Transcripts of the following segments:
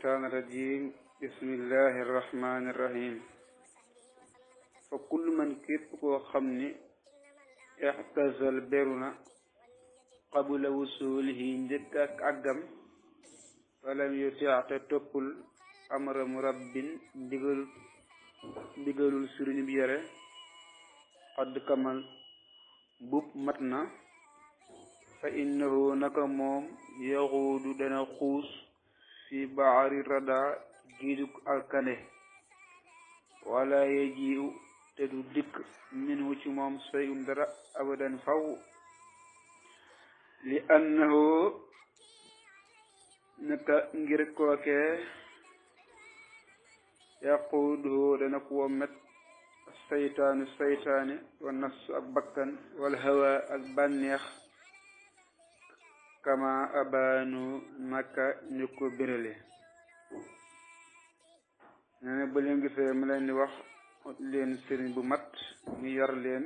الشيطان الرجيم بسم الله الرحمن الرحيم فكل من كتبك خمني اعتزل بيرنا قبل وصوله جدك أقم فلم يتعطي تقل أمر مرب بغل بغل السرين بيره قد كمل بوب متنا فإنه نكموم يغود دنا خوص في بعر الردى جيدك الكنه ولا يجيء تدودك منه تمام شيء درى أبدا فو لأنه نكا نجركوك يقوده ومت الشيطان الشيطان والنفس أكبكا والهوى أكبنيخ kama abanu naka ñu ko birale nee na ba leen gisee ma leen di wax leen sëriñ bu mat ñu yar leen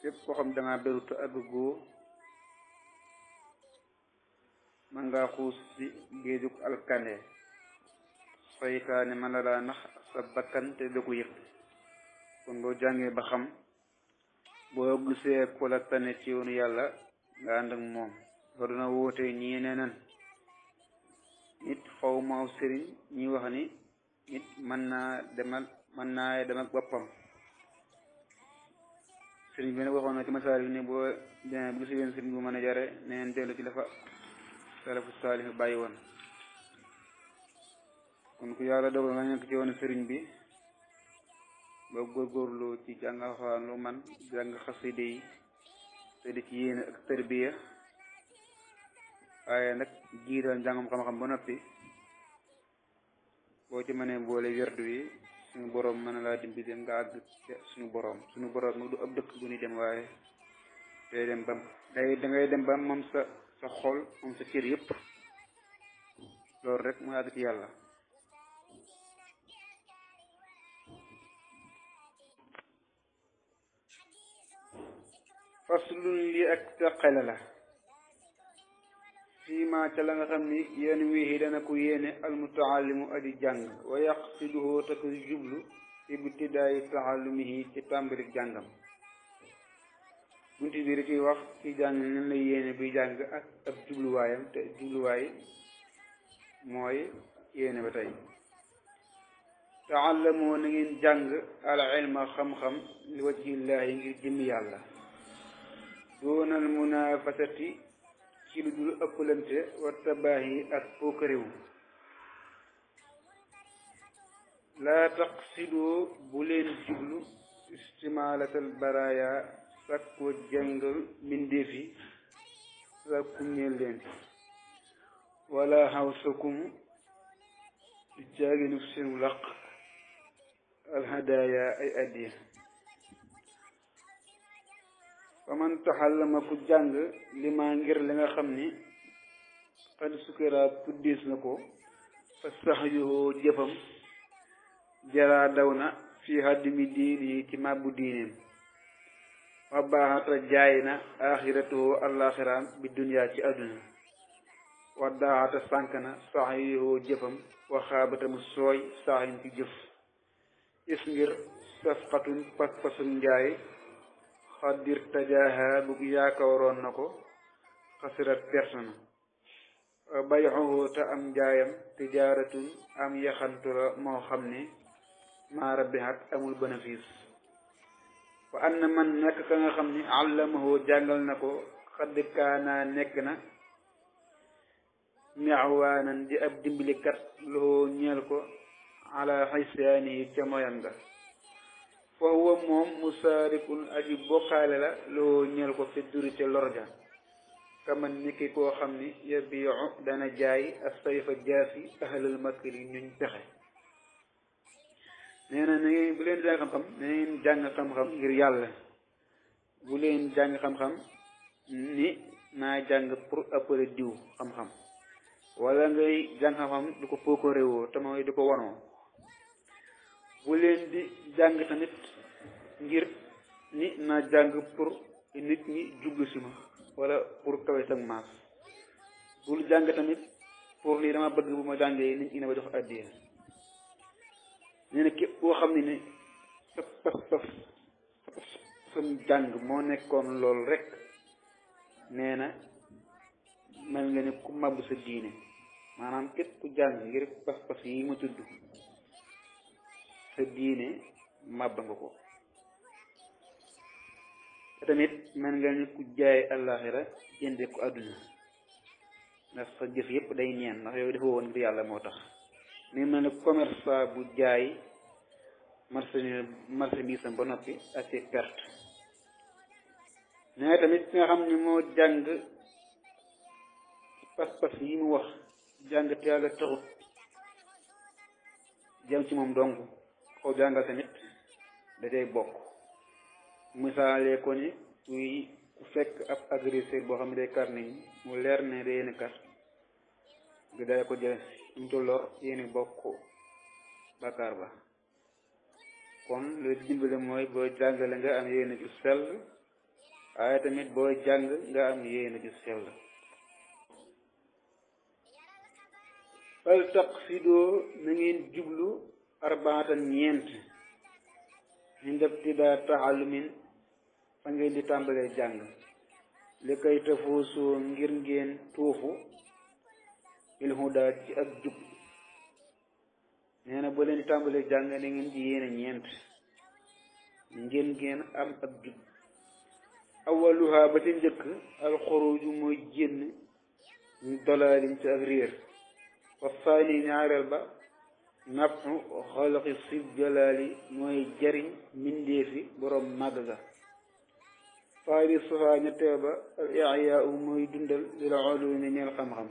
képp koo xam danga beruta àggugoo man ngaa xuus ci géejug alkane saytaane man la laa nax sa bakkan te du ko yëg kon boo jàngee ba xam boo la ci yoonu nga ànd ak moom ba duna woote ñii ne nan nit ñi wax ni man mën naa demal mën naa dem ak boppam bi nag waxoon na ci masaar ne boo demee bu mën a jare neen dellu ci lafa salafu woon kon ku yàlla dogal nga nekk ci woon bi ba góorgóorlu ci jàng alxuraan man jàng xaside te di ci yéene ak tërbiya waaye nag jiital njàngam xam-xam ba noppi boo ci mënee boole werdu yi suñu boroom mën na laa dimbi dem nga àgg suñu boroom suñu boroom nag du ab dëkk bu ñu dem waaye day dem bam day dangay dem bam moom sa sa xol moom sa cër yëpp loolu rek mu àgg ci yàlla faslun lii ak teqale la fiima ca la nga xam ni yéen wii dana ko yéene almutaallimu aji jàng wa yaqsiduhu te ko jublu ibtidaayi taallumihi ci tàmbali jàngam bunti biir ciy wax ci jàng nan lay yéene buy jàng ak jubluwaayam te jubluwaay mooy yéene ba tey taallamoo na jàng al ilma xam-xam li wajhillahi ngir jëmmi yàlla doonal munaafasati ci lu dul ëppalante wa tabaahi ak pookaréwu laa taqsidoo bu leen jublu istimaalatal baraaya sàkkoo jàngal mbindéef yi sàkku ñeel leen wala xawsakum du caaginu seenu laq alhadaaya ay addiya faman taxallama ku jàng li ngir li nga xam ni xad sukara kuddiis na ko fa sax yoo jëfam jaraa daw na fii haddimi diini ci màbbu diineem wa baaxata jaay na axiratuhu allaxiraam bi duniyaa ci àdduna wa daaxata sànk na sax yoo jëfam wa xaabatamu sooy saaxin ci jëf is ngir safqatun pas pasum njaay qaddir tajaaha bug yaakaaroon na ko xasirat perte na bayxuhu te am jaayam tijaaratun am yaxantu moo xam ne maa rabihat amul bénéfice wa an na man nekk ka nga xam ne allamahu jàngal na ko xadd kaanaa nekk na mexwaanan di ab dimbalikat loo ñeel ko ala xisyaanihi ca moyam ga fa huwa moom musaarikun aji bokkaale la lo ñel ko fi duri ca lorga kaman ni ko koo xam ni yabiu dana jaay ak sayfa jaasi ahlal makri ñuñ pexe nee na ne bu leen jàng xam-xam ne ngeen jàng xam-xam ngir yàlla bu leen jàng xam-xam ni naa jàng pour appelé diw xam-xam wala ngay jàng xam-xam di ko pookorewoo te di bu di tamit ngir ni na jàng pour nit ñi jublu si wala pour kawe sag maas bul jàng tamit pour lii dama bëgg bu ma jàngee nit ñi ne ma jox addiya nee na képp koo xam ne ni saf saf saf sam jàng moo nekkoon lool rek nee mel nga ne ku màbb sa diine maanaam képp ku jàng ngir pas-pas yi ma tudd sa diine màbb nga ko te tamit mën nga ne ku jaay àllaaxira jënde ko àdduna ndax sa jëf yëpp day ñeen ndax yow dafa woon ngir yàlla moo tax mais mel ne commerçant bu jaay marchandise marchandise am ba noppi ak ci perte tamit nga xam moo jàng pas-pas yi mu wax jàng te yàlla taxut jëm ci moom dong jàngal tamit da bokk misaalee ko ne kuy fekk ab agresseur boo xam ne day kar nit ñi mu leer ne day yéene kar nga ko jël ñu bokk bàkkaar ba kon luy dimbale mooy boo jàngale nga am yéene ju sell waaye tamit boo jàng nga am yéene ju sell fal taqsidoo na ngeen jublu arbaatan ñeent indabtidaa taalumin fa ngeen di tàmbalee jàng li koy tafuusu ngir ngeen tuufu il huda ak jub nee na ba leen di tàmbalee jàng da ngeen di yéene ñeent ngeen ngeen am ak jub awaluha ba ca njëkk alxuruju mooy génn ñu ci ak réer wa saani ñaareel ba nafu xalqi si jalaali mooy jariñ mbindeefi borom màgg ga faayidi safa ñetteel ba al iyaa muy dundal di la ulumi ñeel xam-xam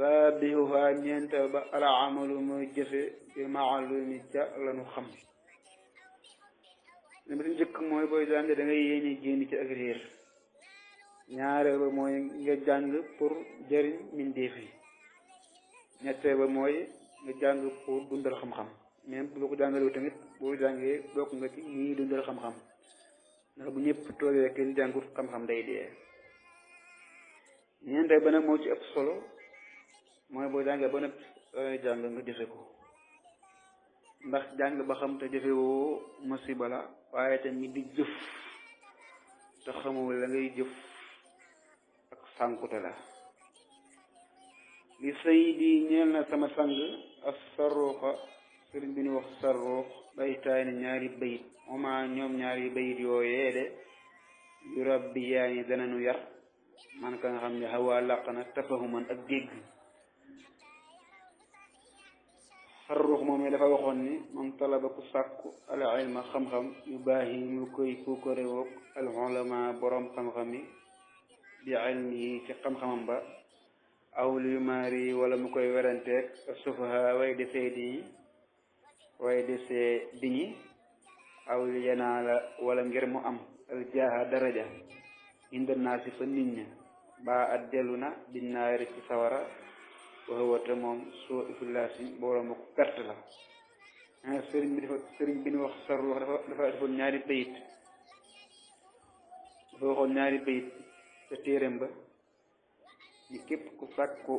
raabihuha ñeenteel ba al amalu muy jëfe bi maalumi ca lanu xam numba si njëkk mooy booy jàng da ngay yéene génn ci ak réer ñaareel ba mooy nga jàng pour jëriñ mbindéef yi ñetteel ba mooy nga jàng pour dundal xam-xam même loo ko jàngalee tamit boo jàngee bokk nga ci ñii dundal xam-xam ndax bu ñëpp toogee rek li jàngut xam-xam day dee ñeenteel ba nag moo ci ëpp solo mooy boo jàngee ba nag jàng nga jëfe ko ndax jàng ba xam te jëfe woo masiba la waaye tamit di jëf te xamoo la ngay jëf ak sànkute la li saydi ñeel na sama sang as saruqa sëriñ bi ni wax sarruux baytaani ñaari bayit oma ñoom ñaari bayit yooyee de yu rabbi yaa ni danañu yar man ka nga xam ne xawaa làq na tafahuman ak dégg sarruux moom mi dafa waxoon ni moom talaba ku sàkku al ilma xam-xam yu baax yi mu koy puukare woog al ulama borom xam-xam yi bi ilmi yi ci xam-xamam ba aw lu wala mu koy weranteeg sufaha way defee di waaye desee diñi aw yenaala wala ngir mu am aljaaha daraja inda naa si fa nit ña baa at dellu na binnaari ci sawara waxawate moom soo ifulaasi borom ak perte la ah, sëriñ bi dafa sëriñ bi nu wax sarul wax dafa dafa defoon ñaari bayit dafa waxoon ñaari bayit ca téeréem ba ni képp ku sàkku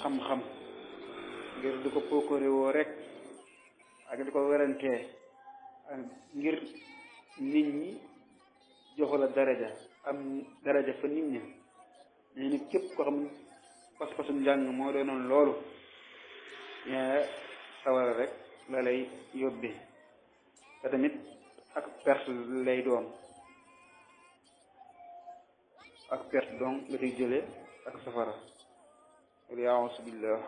xam-xam ngir du ko pokore rek ak di ko werantee ngir nit ñi joxu la daraja am daraja fa nit ña nee na képp ko xam pas-pasu njàng moo doonoon loolu ya sawara rek la lay yóbbe te tamit ak perte lay doon ak perte donc la koy jëlee ak safara wal yaawusu billah